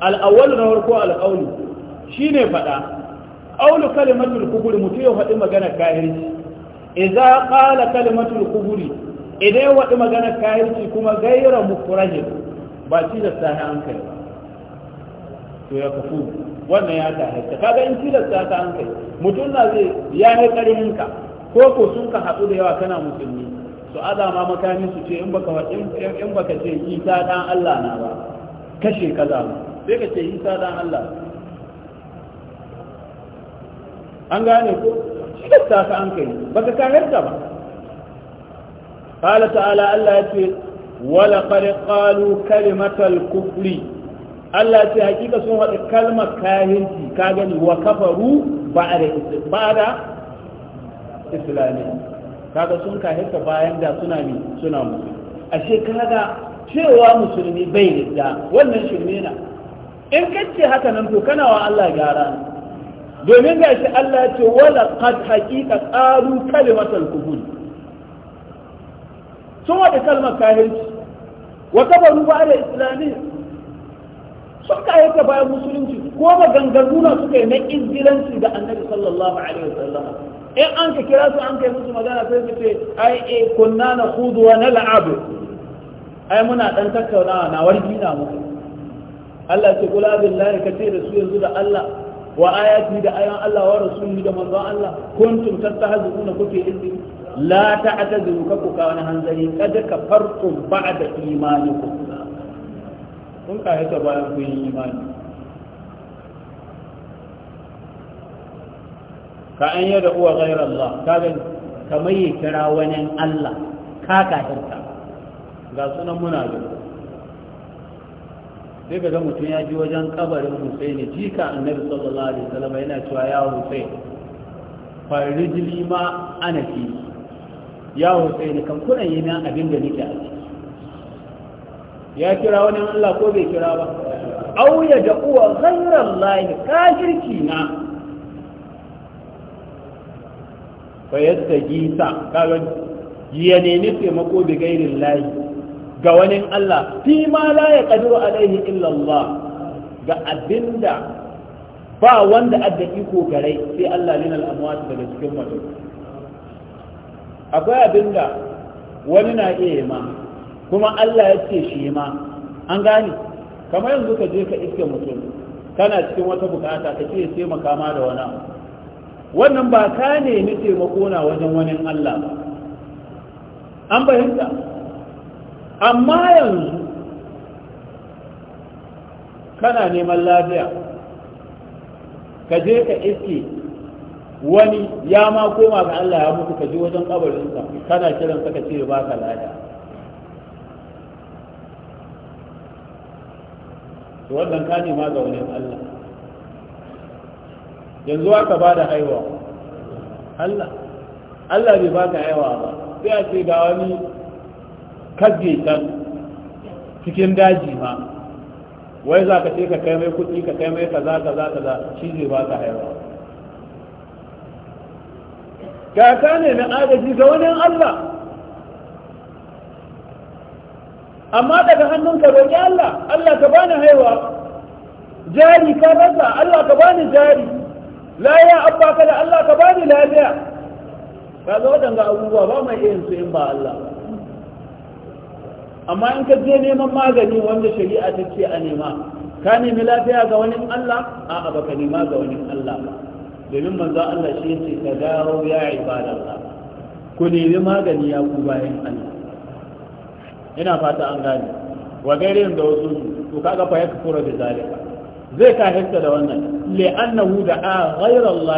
S1: al awwal na farko al qawl shine faɗa qawlu kalimatul kufri mutu ya faɗi magana kafirci idza qala kalimatul kufri Kubri ya faɗi magana kafirci kuma gaira mukrahib ba shi da sana an kai to ya kafu wannan ya ta haita kaga in tilasta ta an kai mutum na zai ya yi ƙarfin ka ko ko sun ka haɗu da yawa kana musulmi su azama makamin su ce in baka in baka ce isa dan Allah na ba kashe kaza sai ka ce isa dan Allah an gane ko shigasta ka an kai baka kafirta ba qala ta'ala Allah ya ce wala qad qalu kalimatal kufri Allah ya ce hakika sun haɗa kalmar kafirci ka gani wa kafaru ba'da ba'da islamiyya kaga sun kafirta bayan da suna mi suna musu A shekara cewa musulmi bai da wannan shirme na in kace haka nan to kana wa Allah gyara domin ga shi Allah ya ce wala qad haqiqa qalu kalimatal kufur sun wada kalmar kafirci wa kafaru ba da islami sun kayyata bayan musulunci ko maganganu na suka yi na izilanci da annabi sallallahu alaihi wasallam in an ka kira su an kai musu magana sai su ce ai eh, kunna na khudu wa nal'ab ai muna dan tattaunawa na wargi na muku Allah ya ce kula billahi kace da su yanzu da Allah wa ayati da ayan Allah wa rasuluhu da manzo Allah kuntum tattahazuna kuke indi la ta'tadiru ka ku kawo hanzari kada ka farku ba'da imanikum kun ka ta bayan kun yi imani ka an da uwa ghairu Allah kaga kamar ya kira wani Allah ka kafirta ga sunan muna gaba sai ga mutum ya ji wajen kabarin husaini jika annabi sallallahu alaihi wasallam yana cewa ya husain farijili ma ana fi ya husaini kan kuna yi nan abin da nake a ya kira wani Allah ko bai kira ba au ya da uwa ghairar lahi kafirci na fa yasta kaga ya nemi taimako bi gairin lahi ga wani Allah fi ma la ya qadiru alaihi illallah ga abinda ba wanda adda iko garai sai Allah lin al daga cikin mutum akwai abinda wani na iya ma kuma Allah ya ce shi ma an gane kamar yanzu ka je ka iske mutum kana cikin wata bukata ka ce sai makama da wani wannan ba ka nemi taimako na wajen wani Allah ba an fahimta amma yanzu kana neman lafiya ka je ka iske wani ya ma koma ga Allah ya mutu ka je wajen kabarinsa kana kiran ka ce ba ka to wannan ka nema ga wani Allah yanzu aka ba da haihuwa Allah Allah bai ba ka haihuwa ba sai a ce ga wani kagge can cikin daji ma wai za ka ce ka kai mai kuɗi ka kai mai kaza kaza kaza shi zai ba ka haihuwa ga ka ne na agaji ga wani Allah amma daga hannunka roƙi Allah Allah ka bani haihuwa jari ka rasa Allah ka bani jari laya abba ka da Allah ka bani lafiya ka zo waɗanda abubuwa ba mai yin su in ba Allah ba amma in ka je neman magani wanda shari'a ta ce a nema ka nemi lafiya ga wani Allah a'a baka nema ga wani Allah ba domin manzo Allah shi yace ka dawo ya ibadallah ku nemi magani ya ku bayan Allah ina fata an gane wa gairin da wasu to kaga fa yakfuru da zalika zai kafirta da wannan li'annahu da'a ghayra Allah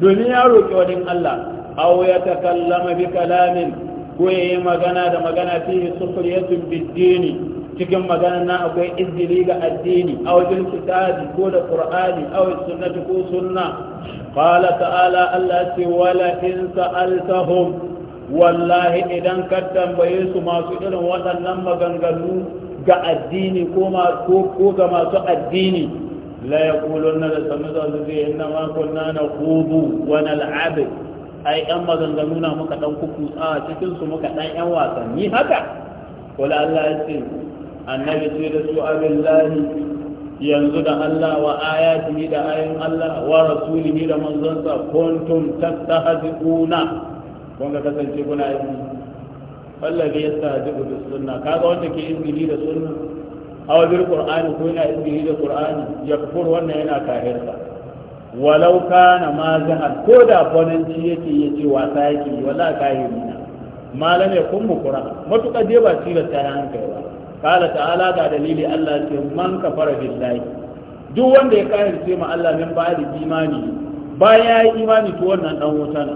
S1: domin ya roki wani Allah aw yatakallama bi kalamin ko ya yi magana da magana fihi sufriyatun dini cikin magana na akwai izgili ga addini a wajen kitabi ko da qur'ani aw sunnati ko sunna qala ta'ala allah ce wala in sa'altahum wallahi idan ka tambaye su masu irin waɗannan maganganu ga addini ko ko ga masu addini la yaqulunna la sanu zai inna ma kunna nakhudu wa nal'abu ai ɗan maganganu na muka ɗan kuku a cikin su muka ɗan ƴan wasanni haka wala Allah ya ce annabi sai da su abillahi yanzu da Allah wa ayatihi da ayin Allah wa rasulihi da manzonsa kuntum tattahazuna kun ga kasance kuna yi wallahi yastahzibu bis sunna kaga wanda ke izini da sunna aw bil qur'ani ko yana izini da qur'ani Ya yakfur wannan yana kafirta walau kana ma zahar ko da bonanci yake yi ce wasa yake yi wala kahiri na malam ya kun mukura matuƙa dai ba ta yi hankali ba kala ala ga dalili Allah ce man ka fara billahi duk wanda ya kahirce ma Allah min ba da imani bayan ya yi imani to wannan dan wuta ne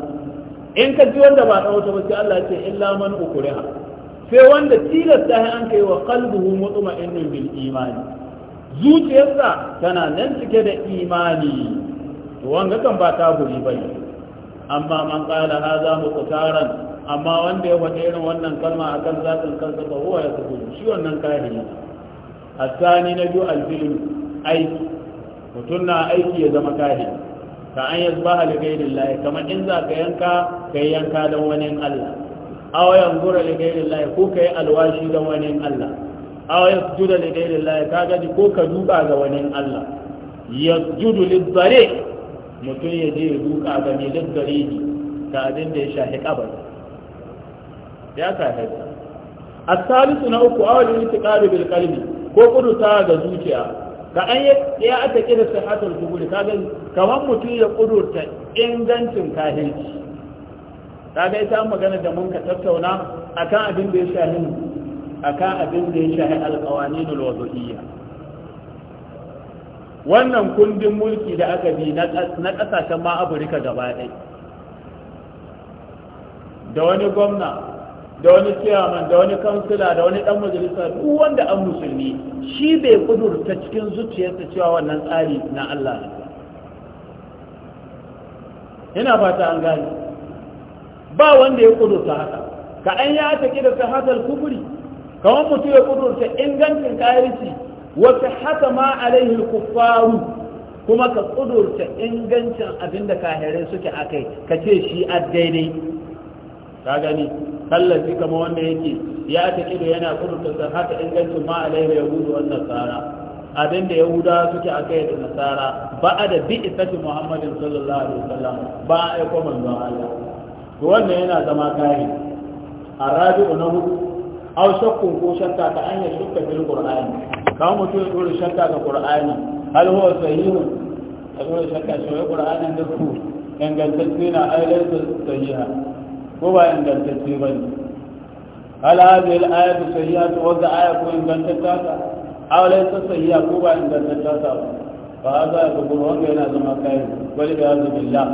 S1: in ka ji wanda ba dan wuta ba sai Allah ce illa man ukuriha. sai wanda ta ya hanka wa qalbuhu mutma'innun bil imani zuciyarsa tana nan cike da imani to wanga kan ba ba ne. amma man qala hadha muqtaran amma wanda ya faɗi irin wannan kalma akan zatin kansa ba huwa ya kudu shi wannan kafiri asani na biyu alfilu aiki mutum na aiki ya zama kafiri ka an yasbaha ha ghayrillahi kamar in za ka yanka kai yanka don wani Allah aw yanzura li ghayrillahi ko kai alwashi don wani Allah aw yasjuda li ka gaji ko ka duba ga wani Allah yasjudu lidh-dhari mutum ya je ya duka ga mai daggare ni ga abin da ya shahi kabari ya A Salisu na uku awalin itiqadu bil qalbi ko kuduta ga zuciya ga an ya aka kira hatar kuburi kaga kamar mutum ya kudurta ingancin kahirci kaga ita magana da mun ka tattauna akan abin da ya shahi akan abin da ya shahi wannan kundin mulki da aka bi na ƙasashen ma afirka gaba ɗaya, da wani gwamna da wani chairman da wani kansila da wani ɗan majalisa duk wanda an musulmi shi bai kudurta cikin zuciyarsa cewa wannan tsari na Allah ne ina fata an gani ba wanda ya kudurta haka ka an ya ta kida ta hasal kuburi kamar mutum ya kudurta ingancin kayarci wata haka ma alaihi kuffaru kuma ka kudurta ingancin abin da kahirai suke a kai ka ce shi a daidai ka gani tallafi kama wanda yake ya ta kido yana kudurta sun haka ingancin ma alaihi gudu wannan tsara abin da yahuda suke a kai da nasara ba a da bi isafi muhammadin sallallahu alaihi wasallam ba a aiko manzon allah to wannan yana zama kayi a rabi'u na hudu au shakkun ko shakka ta hanyar shukka bil qur'ani kawo mutum ya dole shakka ga qur'ani hal huwa sahihun a dole shakka shi wai qur'ani da su ingantacce na ai laysa sahiha ko ba ingantacce ba ne hal hadhihi al-ayatu su wanda aya ko ingantacce ta aw laysa sahiha ko ba ingantacce ta ba ba za a ga kubur wanda yana zama kayan wani kai wal iyad billah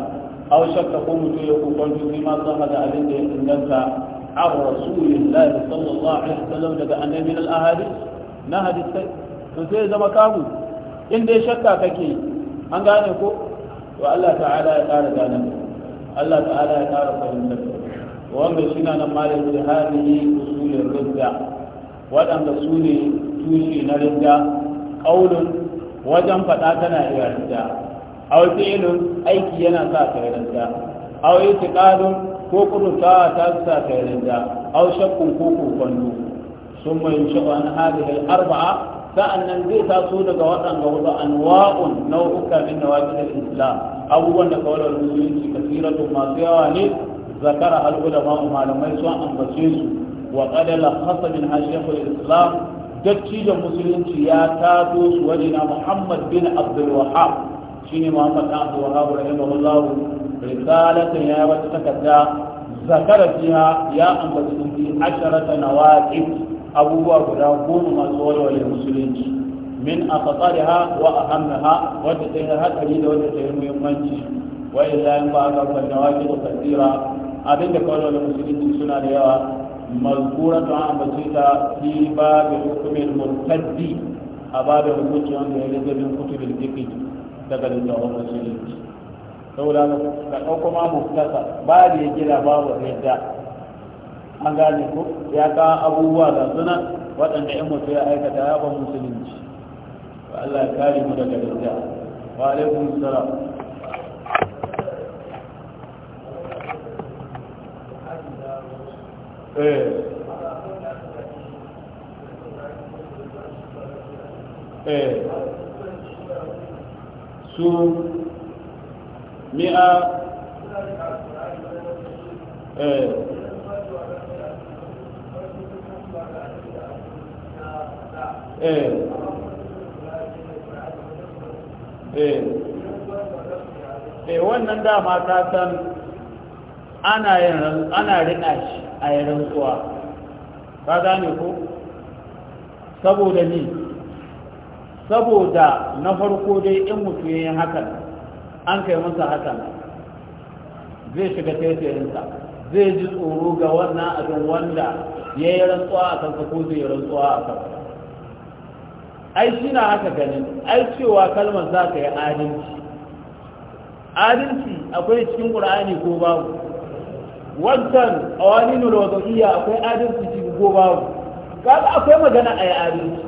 S1: aw shakka ko mutum ya kokonto su ma san hada abin da ya inganta عن رسول الله صلى الله عليه وسلم لك أن من الأحاديث na hadisai to sai ya zama kamu in dai shakka kake an gane ko to Allah ta'ala ya kara gane Allah ta'ala ya kara fahimtar wanda shi na nan malam da hadihi usulin rizqa wadanda su ne tushe na rizqa qaulun wajen fada tana iya rizqa aw fi'lun aiki yana sa ka rizqa aw itiqadun ko kudurta ta sa ka rizqa aw shakkun ko kwando. sun mai shi'u an hadhihi al-arba'a sa'annan zai taso daga waɗanda hudu anwa'un nau'uka min nawaqid al-islam abubuwan da kawai musulunci kasiratu masu yawa ne zakara al-ulama malamai sun ambace su wa qad lakhasa min hashiyul islam dattijan musulunci ya taso su wajena muhammad bin abdul shine muhammad bin abdul wahhab rahimahullah risalatan ya wata takarda zakara fiha ya ambace su bi asharata nawaqid abubuwa guda goma masu walwale musulunci min a fasari ha wa a ha, wadda ta yi hatsari da wadda ta yi muhimmanci wa illa in ba a gaban da wake da kasira abin da walwale musulunci suna da yawa mazkura ta an ambace ta fi babin hukumin murtaddi a babin hukunci wanda ya rage min kutubin zikri daga littafin musulunci saboda ka ɗauko ma muftasa ba da ya gina babu yadda an gane ko ya ka abubuwa ga suna waɗanda in mutu ya aikata ya ba musulunci ba Allah ya kare mu daga gaskiya wa alaikum salam
S2: eh eh
S1: su mi'a
S2: eh eh
S1: eh eh wannan dama ta san ana yin ana rika shi a yi rantsuwa ka gane ko saboda ni saboda na farko dai in mutu yin hakan an kai masa hakan zai shiga taitayensa zai ji tsoro ga wannan abin wanda ya yi rantsuwa a kansa ko zai yi rantsuwa a kansa ai suna haka ganin ai cewa kalmar za ka yi adalci adalci akwai cikin ƙura'ani ko babu wancan awalinul wadaiya akwai adalci cikin ko babu kaga akwai magana a yi adalci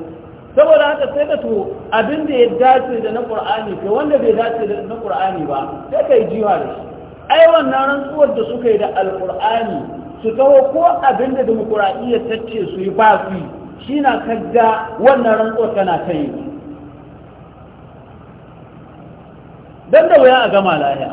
S1: saboda haka sai ka to abin da ya dace da na ƙura'ani ko wanda bai dace da na ƙura'ani ba sai ka yi jiwa da shi ai wannan rantsuwar da suka yi da alƙur'ani su taho ko abin da demokuraɗiyyar ta ce su yi ba su yi shi na kagga wannan rantsuwar tana kan yi don da wuya a gama lahiya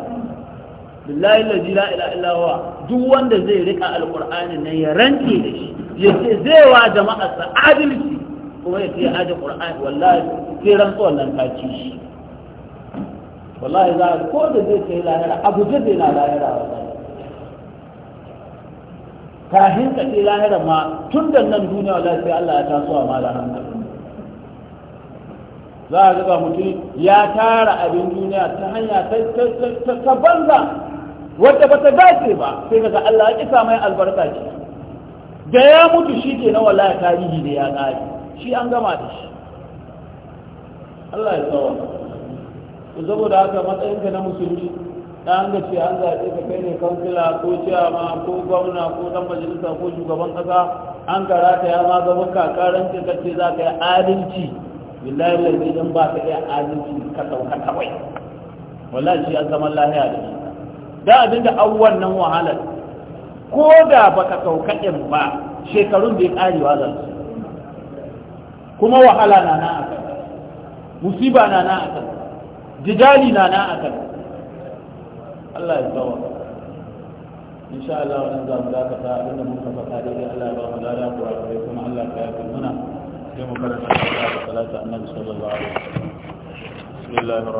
S1: billahi lalji la ila illawa duk wanda zai rika alƙur'ani nan ya ranke da shi ya ce zai wa jama'a sa adalci kuma ya ce aje ƙur'ani wallahi sai rantsuwar nan ta ci shi wallahi za a ko da zai kai lahira abu zai na lahira wallahi kafin ka ce lahirar ma tun da nan duniya wala sai Allah ya taso a ma lahirar za a ga mutum ya tara abin duniya ta hanya ta banza wadda ba ta dace ba sai ga Allah ya kisa mai albarka ce da ya mutu shi ke na wala tarihi da ya ƙari shi an gama da shi Allah ya tsawo da haka matsayinka na musulmi na an ga ce an zaɓe ka kai ne kansila ko ciyama ko gwamna ko dan majalisa ko shugaban ƙasa an karata ya ma gaban kakaranci ka ce za ka yi adalci billahi lalzi in ba ka iya adalci ka sauka kawai wallahi shi an zaman lahiya da shi da abin da an wannan wahalar ko da ba ka sauka ɗin ba shekarun bai ƙarewa za su kuma wahala na na akan musiba na na akan jidali na na akan Allah ya tsawa insha Allah wannan za mu dakata abinda muka faɗa da Allah ya ba mu lada ko akwai kuma Allah ya yafi muna sai mu karanta da salatu annabi sallallahu alaihi
S2: wasallam bismillahir